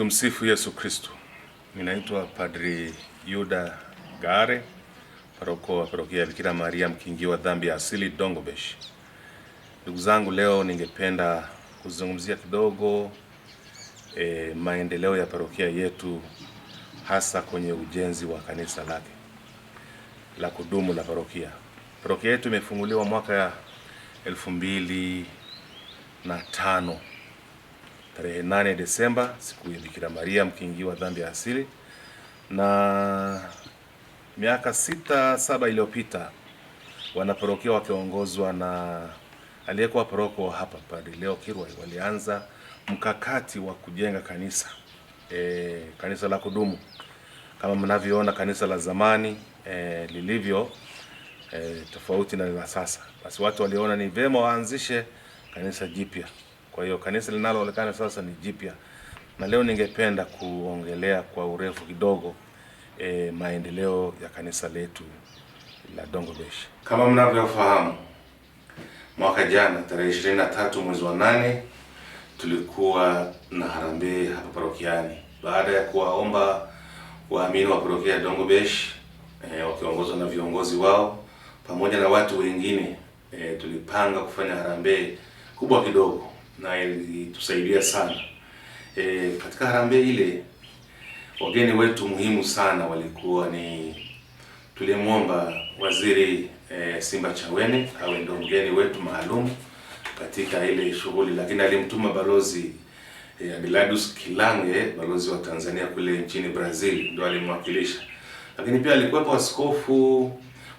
Tumsifu Yesu Kristo. Ninaitwa Padri Yuda Gare, paroko wa parokia ya Bikira Maria wa dhambi ya asili Dongobesh. Ndugu zangu, leo ningependa kuzungumzia kidogo e, maendeleo ya parokia yetu hasa kwenye ujenzi wa kanisa lake la kudumu la parokia. Parokia yetu imefunguliwa mwaka elfu mbili na tano tarehe 8 Desemba, siku ya Bikira Maria mkingiwa dhambi ya asili, na miaka sita saba iliyopita wanaparokia wakiongozwa na aliyekuwa paroko hapa Padre Leo Kirwa walianza mkakati wa kujenga kanisa e, kanisa la kudumu kama mnavyoona kanisa la zamani e, lilivyo e, tofauti na la sasa. Basi watu waliona ni vema waanzishe kanisa jipya. Kwa hiyo kanisa linaloonekana sasa ni jipya, na leo ningependa kuongelea kwa urefu kidogo e, maendeleo ya kanisa letu la Dongobesh. Kama mnavyofahamu, mwaka jana tarehe 23 mwezi wa nane tulikuwa na harambee hapa parokiani baada ya kuwaomba waamini wa parokia ya Dongobesh e, wakiongozwa na viongozi wao pamoja na watu wengine e, tulipanga kufanya harambee kubwa kidogo na ilitusaidia sana e, katika harambee ile. Wageni wetu muhimu sana walikuwa ni tulimwomba waziri e, Simba Chawene awe ndo mgeni wetu maalum katika ile shughuli, lakini alimtuma balozi e, Abiladus Kilange, balozi wa Tanzania kule nchini Brazil, ndo alimwakilisha, lakini pia alikuwepo askofu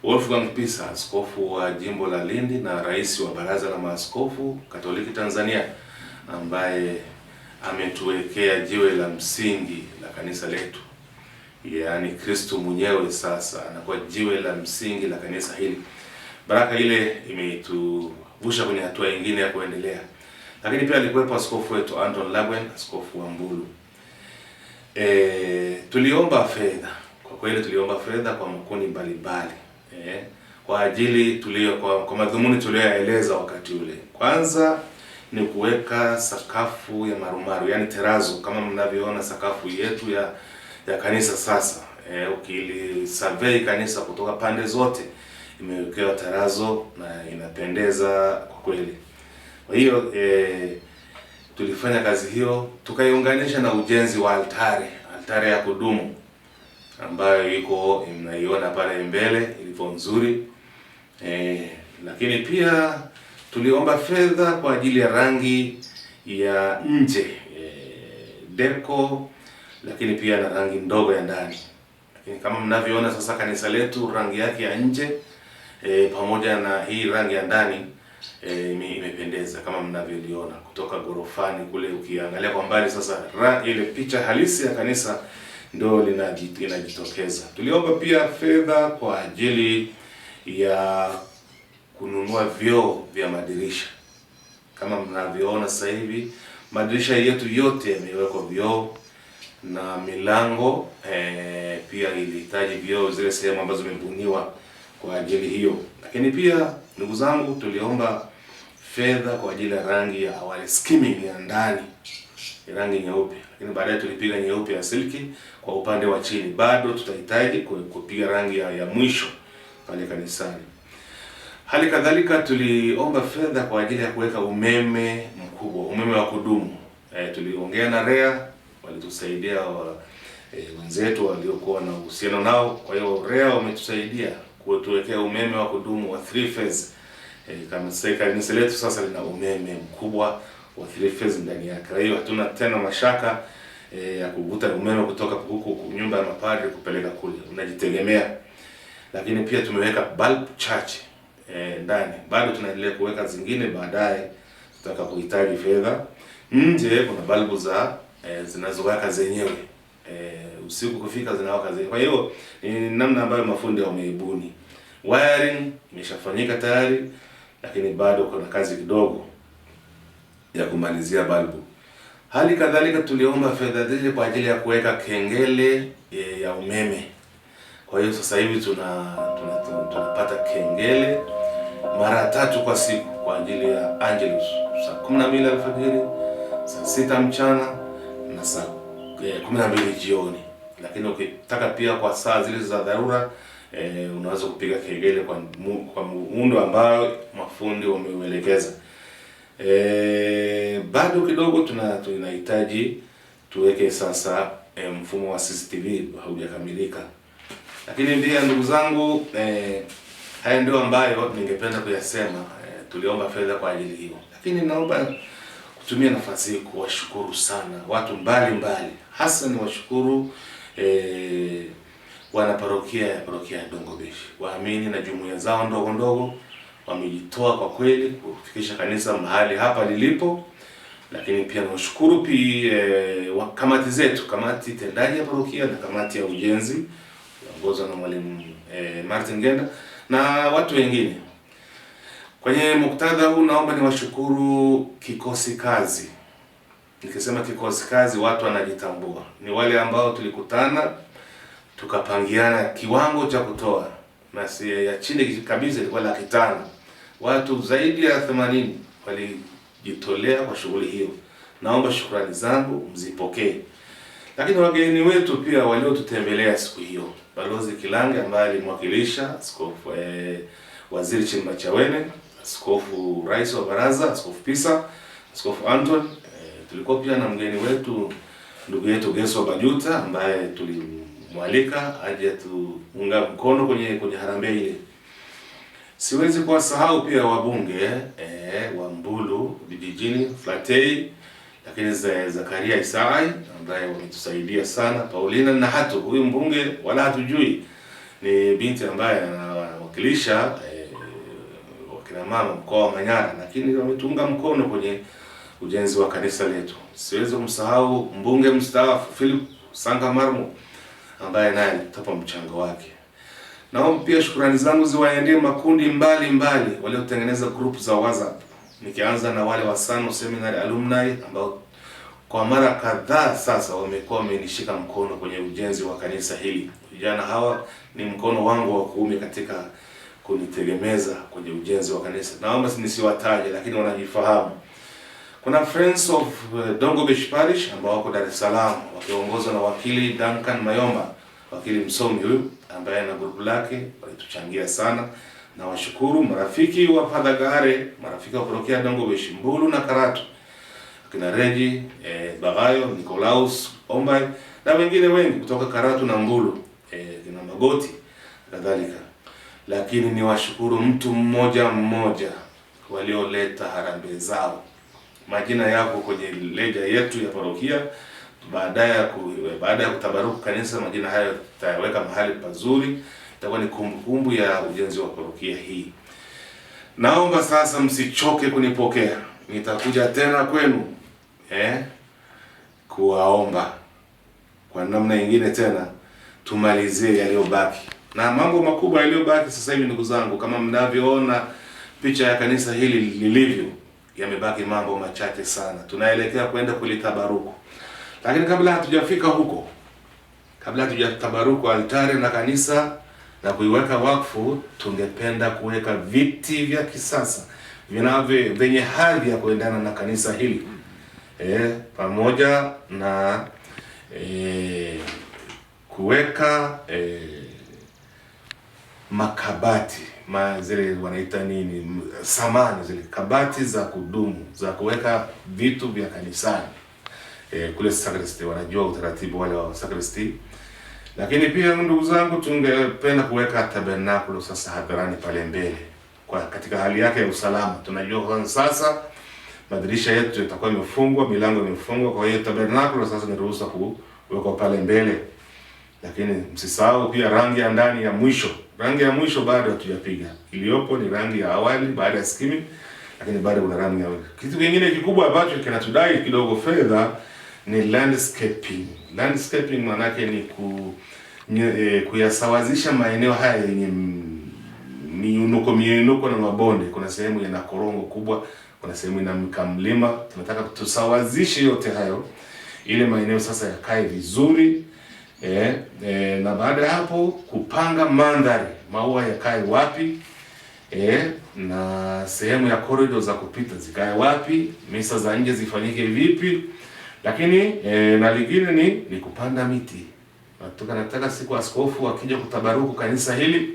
Wolfgang Pisa, askofu wa jimbo la Lindi na rais wa baraza la maaskofu Katoliki Tanzania, ambaye ametuwekea jiwe la msingi la kanisa letu, yaani Kristo mwenyewe sasa anakuwa jiwe la msingi la kanisa hili. Baraka ile imetuvusha kwenye hatua nyingine ya kuendelea, lakini pia alikuwepo askofu wetu Anton Lagwen, askofu wa Mbulu. E, tuliomba fedha kwa kweli, tuliomba fedha kwa makundi mbalimbali eh, kwa ajili tulio kwa, kwa madhumuni tuliyoyaeleza wakati ule. Kwanza ni kuweka sakafu ya marumaru, yani terazo, kama mnavyoona sakafu yetu ya ya kanisa sasa. Eh, ukili survey kanisa kutoka pande zote imewekewa tarazo na inapendeza kwa kweli. Kwa hiyo eh, tulifanya kazi hiyo tukaiunganisha na ujenzi wa altare, altare ya kudumu ambayo iko mnaiona pale mbele ilivyo nzuri e, lakini pia tuliomba fedha kwa ajili ya rangi ya nje e, eh, deco lakini pia na rangi ndogo ya ndani. Lakini kama mnavyoona sasa kanisa letu rangi yake ya nje e, pamoja na hii rangi ya ndani e, imependeza kama mnavyoliona kutoka gorofani kule, ukiangalia kwa mbali sasa ra, ile picha halisi ya kanisa ndo linajitokeza. Tuliomba pia fedha kwa ajili ya kununua vyoo vya madirisha. Kama mnavyoona sasa hivi madirisha yetu yote yamewekwa vyoo na milango e, pia ilihitaji vyoo zile sehemu ambazo zimebuniwa kwa ajili hiyo. Lakini pia ndugu zangu, tuliomba fedha kwa ajili ya rangi ya awali skimming ya ndani rangi nyeupe, lakini baadaye tulipiga nyeupe ya silki kwa upande wa chini. Bado tutahitaji kupiga rangi ya, ya mwisho pale kanisani. Hali kadhalika tuliomba fedha kwa ajili ya kuweka umeme mkubwa, umeme wa kudumu. E, tuliongea na REA walitusaidia wa, e, wenzetu waliokuwa na uhusiano nao. Kwa hiyo REA wametusaidia kutuwekea umeme wa kudumu wa three phase. E, kama kanisa letu sasa lina umeme mkubwa wa wathrifes ndani yake. Kwa hiyo hatuna tena mashaka e, ya kuvuta umeme kutoka huku nyumba ya mapadri kupeleka kule, unajitegemea. Lakini pia tumeweka bulb charge e, ndani, bado tunaendelea kuweka zingine, baadaye tutakapohitaji fedha. Nje kuna balbu za e, zinazowaka zenyewe e, usiku kufika zinawaka zenyewe. Kwa hiyo ni namna ambayo mafundi wameibuni. Wiring imeshafanyika tayari, lakini bado kuna kazi kidogo ya kumalizia balbu. Hali kadhalika tuliomba fedha zile kwa ajili ya kuweka kengele e, ya umeme. Kwa hiyo sasa hivi tuna tunapata tuna, tuna kengele mara tatu kwa siku kwa ajili ya Angelus saa 12 alfajiri, saa sita mchana na saa 12 e, jioni. Lakini ukitaka pia kwa saa zile za dharura e, unaweza kupiga kengele kwa mu, kwa muundo ambao mafundi wameuelekeza. E, bado kidogo tuna tunahitaji tuweke sasa e, mfumo wa CCTV haujakamilika, lakini pia ndugu zangu e, haya ndio ambayo ningependa kuyasema. E, tuliomba fedha kwa ajili hiyo, lakini naomba kutumia nafasi hii kuwashukuru sana watu mbalimbali, hasa ni washukuru e, wana parokia ya parokia ya Dongobishi, waamini na jumuiya zao ndogo ndogo wamejitoa kwa kweli kufikisha kanisa mahali hapa lilipo, lakini pia nawashukuru pia e, kamati zetu, kamati tendaji ya parokia na kamati ya ujenzi inaongozwa na mwalimu e, Martin Genda na watu wengine. Kwenye muktadha huu naomba niwashukuru kikosi kazi. Nikisema kikosi kazi, watu wanajitambua, ni wale ambao tulikutana tukapangiana kiwango cha kutoa na si ya chini kabisa ilikuwa laki tano. Watu zaidi ya themanini walijitolea kwa shughuli hiyo. Naomba shukrani zangu mzipokee. Lakini wageni wetu pia waliotutembelea siku hiyo, Balozi Kilange ambaye alimwakilisha askofu eh, Waziri Chimbachawene, askofu rais wa baraza, askofu Pisa, askofu Anton. Eh, tulikuwa pia na mgeni wetu ndugu yetu Geso Bajuta ambaye tuli mwalika aje tuunga mkono kwenye kwenye harambee ile. Siwezi kuwasahau pia wabunge e, wa Mbulu vijijini Flatei, lakini za Zakaria Isai ambaye wametusaidia sana, Paulina na hatu huyu mbunge wala hatujui ni binti ambaye anawakilisha e, wakina mama mkoa wa Manyara, lakini wametuunga mkono kwenye ujenzi wa kanisa letu. Siwezi kumsahau mbunge mstaafu Philip Sanga Marmo ambaye naye atatupa mchango wake. Naomba pia shukrani zangu ziwaendee makundi mbalimbali waliotengeneza group za WhatsApp, nikianza na wale wa Sano Seminary Alumni ambao kwa mara kadhaa sasa wamekuwa wamenishika mkono kwenye ujenzi wa kanisa hili. Vijana hawa ni mkono wangu wa kuume katika kunitegemeza kwenye ujenzi wa kanisa. Naomba nisiwataje, lakini wanajifahamu. Kuna Friends of uh, Dongo Beach Parish ambao wako Dar es Salaam wakiongozwa na wakili Duncan Mayomba, wakili msomi huyu ambaye na grupu lake walituchangia sana. Na washukuru marafiki wa Gare, marafiki wa kutokea Dongo Beach Mbulu na Karatu, kina Reji eh, Bagayo, Nicolaus Ombai na wengine wengi kutoka Karatu na Mbulu eh, kina Magoti kadhalika, lakini ni washukuru mtu mmoja mmoja walioleta harambee zao majina yako kwenye leja yetu ya parokia. ku, baada ya kutabaruku kanisa, majina hayo tutayaweka mahali pazuri, itakuwa ni kumbukumbu ya ujenzi wa parokia hii. Naomba sasa msichoke kunipokea, nitakuja tena kwenu eh, kuwaomba kwa namna nyingine tena tumalizie yaliyobaki na mambo makubwa yaliyobaki sasa hivi, ndugu zangu, kama mnavyoona picha ya kanisa hili lilivyo yamebaki mambo machache sana, tunaelekea kwenda kulitabaruku. Lakini kabla hatujafika huko, kabla hatujatabaruku altare na kanisa na kuiweka wakfu, tungependa kuweka viti vya kisasa vinavyo vyenye hadhi ya kuendana na kanisa hili e, pamoja na e, kuweka e, makabati ma zile wanaita nini, samani zile kabati za kudumu za kuweka vitu vya kanisani e, kule sakristi, wanajua utaratibu wale wa sakristi. Lakini pia ndugu zangu, tungependa kuweka tabernakulo sasa hadharani pale mbele kwa katika hali yake ya usalama. Tunajua kwa sasa madirisha yetu yatakuwa yamefungwa, milango imefungwa, kwa hiyo tabernakulo sasa ni ruhusa kuwekwa pale mbele, lakini msisahau pia rangi ya ndani ya mwisho Rangi ya mwisho bado hatujapiga, iliyopo ni rangi ya awali baada ya skimming, lakini bado kuna rangi ya awali. Kitu kingine kikubwa ambacho kinatudai kidogo fedha ni landscaping. Landscaping maana yake ni ku e, kuyasawazisha maeneo haya yenye miunuko miunuko na mabonde. Kuna sehemu ina korongo kubwa, kuna sehemu ina mkamlima. Tunataka tusawazishe yote hayo, ile maeneo sasa yakae vizuri eh, eh, na baada ya hapo kupanga mandhari, maua yakae wapi eh, na sehemu ya korido za kupita zikae wapi, misa za nje zifanyike vipi, lakini eh, na lingine ni ni kupanda miti. Nataka nataka siku askofu akija kutabaruku kanisa hili,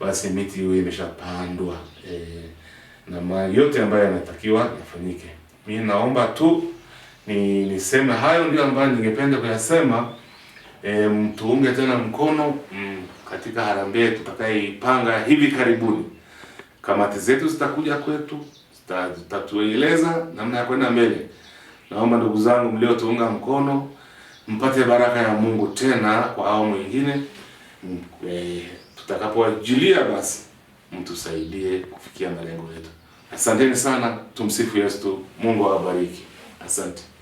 basi miti hiyo imeshapandwa eh, na ma yote ambayo yanatakiwa yafanyike. Mimi naomba tu ni niseme hayo, ndio ambayo ningependa kuyasema e, mtuunge tena mkono mm, katika harambee tutakayoipanga hivi karibuni. Kamati zetu zitakuja kwetu, zitatueleza namna ya kwenda mbele. Naomba ndugu zangu mliotuunga mkono mpate baraka ya Mungu tena kwa awamu nyingine. Mm, e, tutakapowajulia basi mtusaidie kufikia malengo yetu. Asanteni sana, tumsifu Yesu. Mungu awabariki. Asante.